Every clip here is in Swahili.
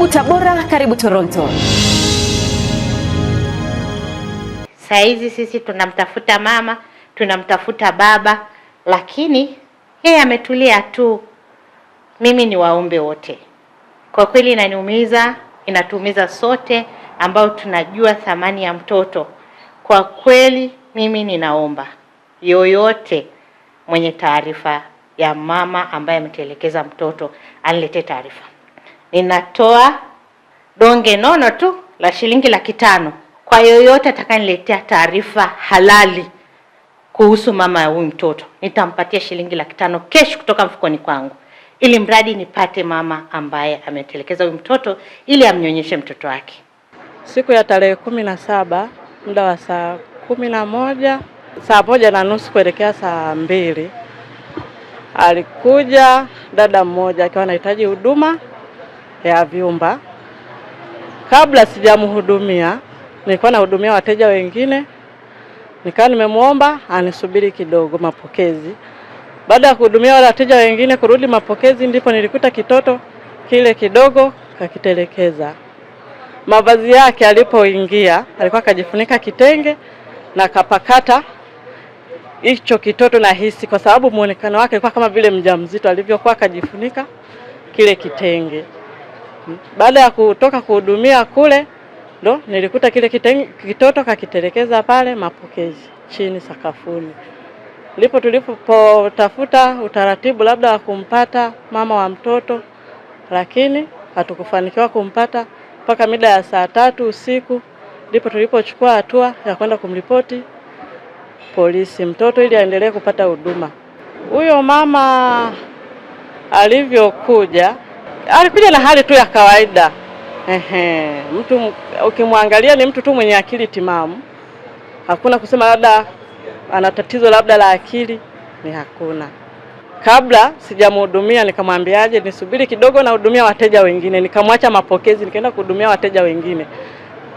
Karibu Tabora, karibu Toronto. Saa hizi sisi tunamtafuta mama, tunamtafuta baba, lakini yeye ametulia tu. Mimi ni waombe wote, kwa kweli inaniumiza, inatuumiza sote ambao tunajua thamani ya mtoto. Kwa kweli mimi ninaomba yoyote mwenye taarifa ya mama ambaye ametelekeza mtoto aniletee taarifa ninatoa donge nono tu la shilingi laki tano kwa yoyote atakayeniletea taarifa halali kuhusu mama ya huyu mtoto, nitampatia shilingi laki tano kesh kutoka mfukoni kwangu, ili mradi nipate mama ambaye ametelekeza huyu mtoto ili amnyonyeshe mtoto wake. Siku ya tarehe kumi na saba muda wa saa kumi na moja saa moja na nusu kuelekea saa mbili alikuja dada mmoja akiwa anahitaji huduma ya vyumba. Kabla sijamhudumia, nilikuwa nahudumia wateja wengine, nikawa nimemwomba anisubiri kidogo mapokezi. Baada ya kuhudumia wale wateja wengine, kurudi mapokezi, ndipo nilikuta kitoto kile kidogo kakitelekeza. Mavazi yake alipoingia, alikuwa akajifunika kitenge na kapakata hicho kitoto nahisi kwa sababu muonekano wake alikuwa kama vile mjamzito alivyokuwa akajifunika kile kitenge. Baada ya kutoka kuhudumia kule, ndo nilikuta kile kiten, kitoto kakitelekeza pale mapokezi chini sakafuni. Ndipo tulipotafuta utaratibu labda wa kumpata mama wa mtoto, lakini hatukufanikiwa kumpata mpaka mida ya saa tatu usiku ndipo tulipochukua hatua ya kwenda kumripoti polisi mtoto ili aendelee kupata huduma. Huyo mama alivyokuja alikuja na hali tu ya kawaida. Ehe, mtu ukimwangalia ni mtu tu mwenye akili timamu, hakuna kusema labda ana tatizo labda la akili, ni hakuna. Kabla sijamhudumia nikamwambiaje, nisubiri kidogo, hudumia wateja wengine, nikamwacha mapokezi, nikaenda kuhudumia wateja wengine,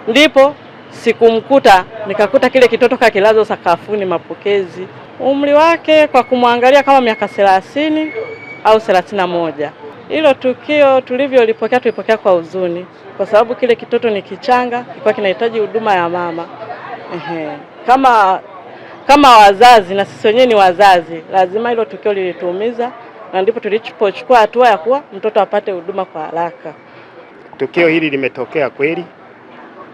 ndipo sikumkuta nikakuta kile kitoto kakilazo sakafuni mapokezi. Umri wake kwa kumwangalia kama miaka thelathini au thelathini na moja. Hilo tukio tulivyolipokea, tulipokea kwa huzuni, kwa sababu kile kitoto ni kichanga, kilikuwa kinahitaji huduma ya mama. Ehe, kama kama wazazi na sisi wenyewe ni wazazi, lazima hilo tukio lilituumiza, na ndipo tulipochukua hatua ya kuwa mtoto apate huduma kwa haraka. Tukio hili limetokea kweli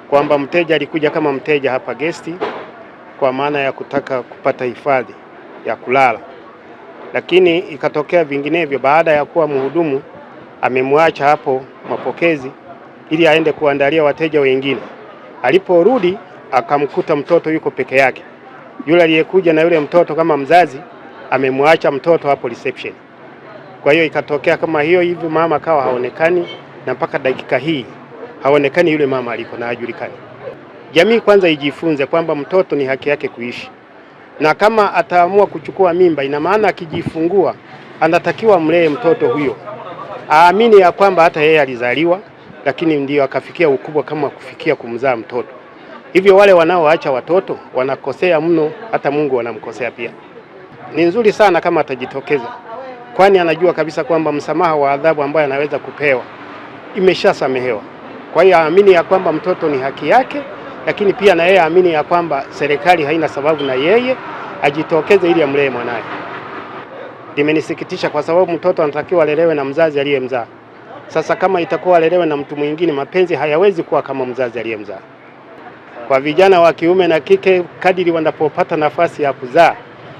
kwamba mteja alikuja kama mteja hapa gesti, kwa maana ya kutaka kupata hifadhi ya kulala lakini ikatokea vinginevyo, baada ya kuwa mhudumu amemwacha hapo mapokezi ili aende kuandalia wateja wengine. Aliporudi akamkuta mtoto yuko peke yake. Yule aliyekuja na yule mtoto kama mzazi amemwacha mtoto hapo reception. Kwa hiyo ikatokea kama hiyo hivyo, mama akawa haonekani, na mpaka dakika hii haonekani yule mama aliko na hajulikani. Jamii kwanza ijifunze kwamba mtoto ni haki yake kuishi na kama ataamua kuchukua mimba, ina maana akijifungua anatakiwa mlee mtoto huyo, aamini ya kwamba hata yeye alizaliwa, lakini ndiyo akafikia ukubwa kama kufikia kumzaa mtoto. Hivyo wale wanaoacha watoto wanakosea mno, hata Mungu anamkosea pia. Ni nzuri sana kama atajitokeza, kwani anajua kabisa kwamba msamaha wa adhabu ambayo anaweza kupewa imeshasamehewa. Kwa hiyo aamini ya kwamba mtoto ni haki yake lakini pia na yeye aamini ya kwamba serikali haina sababu na yeye ajitokeze ili amlee mwanaye. Limenisikitisha kwa sababu mtoto anatakiwa alelewe na mzazi aliyemzaa. Sasa kama itakuwa alelewe na mtu mwingine, mapenzi hayawezi kuwa kama mzazi aliyemzaa. Kwa vijana wa kiume na kike, kadiri wanapopata nafasi ya kuzaa,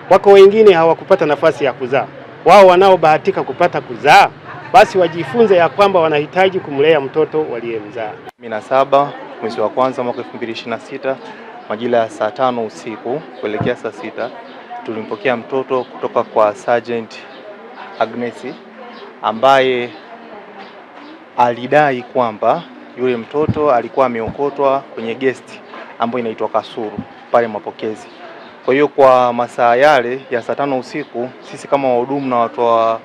wako wengine hawakupata nafasi ya kuzaa. Wao wanaobahatika kupata kuzaa, basi wajifunze ya kwamba wanahitaji kumlea mtoto waliyemzaa. 17 mwezi wa kwanza mwaka 2026 majira ya saa tano usiku kuelekea saa sita tulimpokea mtoto kutoka kwa Sergeant Agnes ambaye alidai kwamba yule mtoto alikuwa ameokotwa kwenye gesti ambayo inaitwa kasuru pale mapokezi. Kwa hiyo kwa masaa yale ya saa tano usiku sisi kama wahudumu na watoa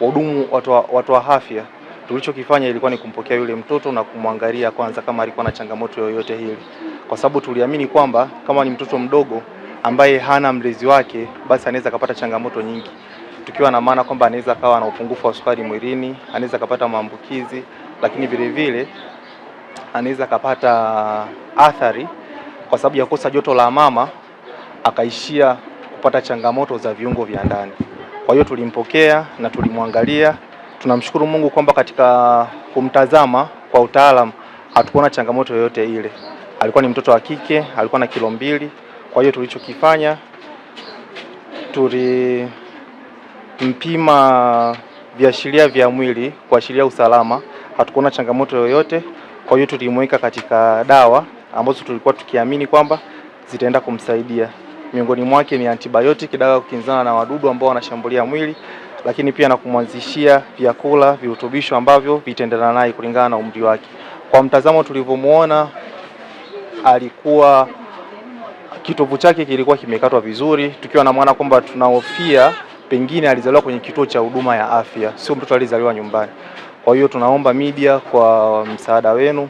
wahudumu watoa afya Tulichokifanya ilikuwa ni kumpokea yule mtoto na kumwangalia kwanza kama alikuwa na changamoto yoyote hili, kwa sababu tuliamini kwamba kama ni mtoto mdogo ambaye hana mlezi wake, basi anaweza akapata changamoto nyingi, tukiwa na maana kwamba anaweza akawa na upungufu wa sukari mwilini, anaweza akapata maambukizi, lakini vile vile anaweza akapata athari kwa sababu ya kosa joto la mama akaishia kupata changamoto za viungo vya ndani. Kwa hiyo tulimpokea na tulimwangalia Tunamshukuru Mungu kwamba katika kumtazama kwa utaalam hatukuona changamoto yoyote ile. Alikuwa ni mtoto wa kike, alikuwa na kilo mbili. Kwa hiyo tulichokifanya tulimpima viashiria vya mwili kuashiria usalama, hatukuona changamoto yoyote. Kwa hiyo tulimweka katika dawa ambazo tulikuwa tukiamini kwamba zitaenda kumsaidia. Miongoni mwake ni antibiotic, dawa ya kukinzana na wadudu ambao wanashambulia mwili lakini pia na kumwanzishia vyakula virutubisho ambavyo vitaendana naye kulingana na umri wake. Kwa mtazamo tulivyomwona, alikuwa kitovu chake kilikuwa kimekatwa vizuri, tukiwa na maana kwamba tunahofia pengine alizaliwa kwenye kituo cha huduma ya afya, sio mtoto alizaliwa nyumbani. Kwa hiyo tunaomba media kwa msaada wenu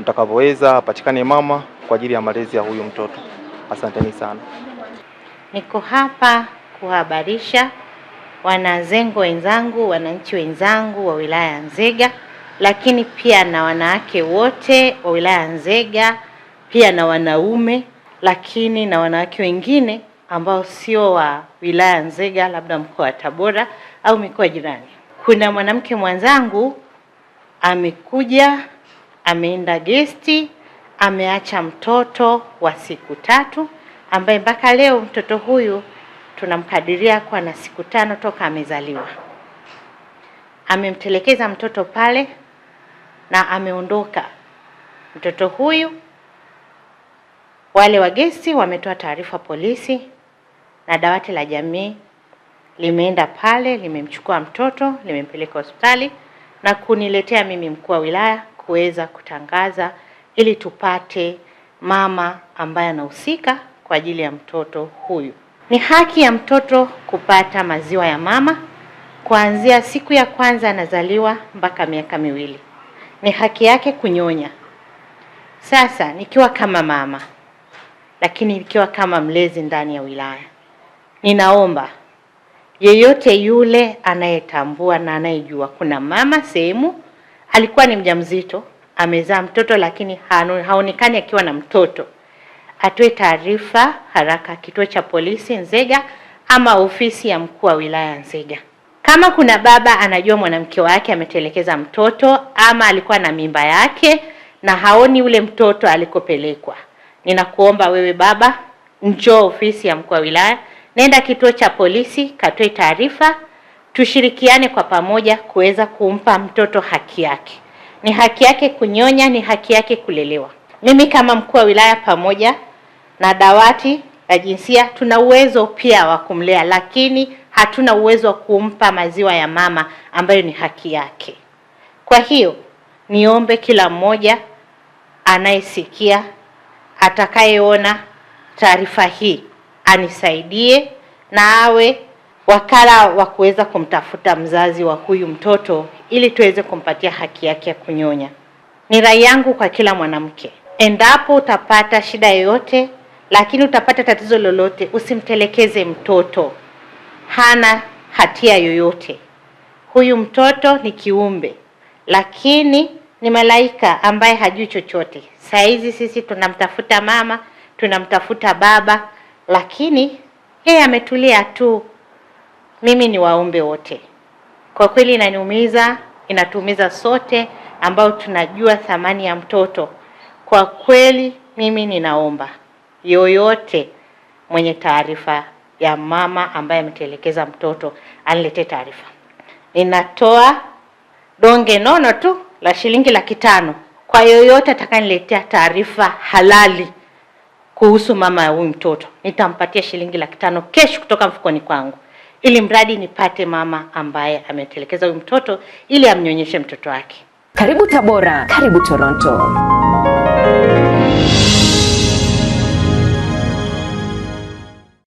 mtakavyoweza, apatikane mama kwa ajili ya malezi ya huyu mtoto. Asanteni sana. Niko hapa kuhabarisha wanazengo wenzangu, wananchi wenzangu wa wilaya ya Nzega, lakini pia na wanawake wote wa wilaya ya Nzega, pia na wanaume, lakini na wanawake wengine ambao sio wa wilaya ya Nzega, labda mkoa wa Tabora au mikoa jirani. Kuna mwanamke mwenzangu amekuja, ameenda gesti, ameacha mtoto wa siku tatu ambaye mpaka leo mtoto huyu tunamkadiria kuwa na siku tano toka amezaliwa. Amemtelekeza mtoto pale na ameondoka. Mtoto huyu, wale wa gesi wametoa taarifa polisi, na dawati la jamii limeenda pale, limemchukua mtoto, limempeleka hospitali na kuniletea mimi mkuu wa wilaya kuweza kutangaza ili tupate mama ambaye anahusika kwa ajili ya mtoto huyu. Ni haki ya mtoto kupata maziwa ya mama kuanzia siku ya kwanza anazaliwa mpaka miaka miwili. Ni haki yake kunyonya. Sasa nikiwa kama mama, lakini nikiwa kama mlezi ndani ya wilaya, ninaomba yeyote yule anayetambua na anayejua kuna mama sehemu alikuwa ni mjamzito amezaa mtoto, lakini haonekani akiwa na mtoto atoe taarifa haraka kituo cha polisi Nzega ama ofisi ya mkuu wa wilaya Nzega. Kama kuna baba anajua mwanamke wake ametelekeza mtoto ama alikuwa na mimba yake na haoni ule mtoto alikopelekwa, ninakuomba wewe baba, njoo ofisi ya mkuu wa wilaya, nenda kituo cha polisi, katoe taarifa, tushirikiane kwa pamoja kuweza kumpa mtoto haki yake. Ni haki yake kunyonya, ni haki yake kulelewa. Mimi kama mkuu wa wilaya pamoja na dawati la jinsia, tuna uwezo pia wa kumlea, lakini hatuna uwezo wa kumpa maziwa ya mama ambayo ni haki yake. Kwa hiyo niombe kila mmoja anayesikia, atakayeona taarifa hii anisaidie na awe wakala wa kuweza kumtafuta mzazi wa huyu mtoto ili tuweze kumpatia haki yake ya kunyonya. Ni rai yangu kwa kila mwanamke, endapo utapata shida yoyote lakini utapata tatizo lolote, usimtelekeze mtoto, hana hatia yoyote. Huyu mtoto ni kiumbe, lakini ni malaika ambaye hajui chochote. saizi sisi tunamtafuta mama, tunamtafuta baba, lakini yeye ametulia tu. Mimi ni waombe wote, kwa kweli inaniumiza, inatuumiza sote ambao tunajua thamani ya mtoto. Kwa kweli mimi ninaomba yoyote mwenye taarifa ya mama ambaye ametelekeza mtoto aniletee taarifa. Ninatoa donge nono tu la shilingi laki tano kwa yoyote atakayeniletea taarifa halali kuhusu mama ya huyu mtoto, nitampatia shilingi laki tano kesho kutoka mfukoni kwangu, ili mradi nipate mama ambaye ametelekeza huyu mtoto ili amnyonyeshe mtoto wake. Karibu Tabora, karibu Toronto.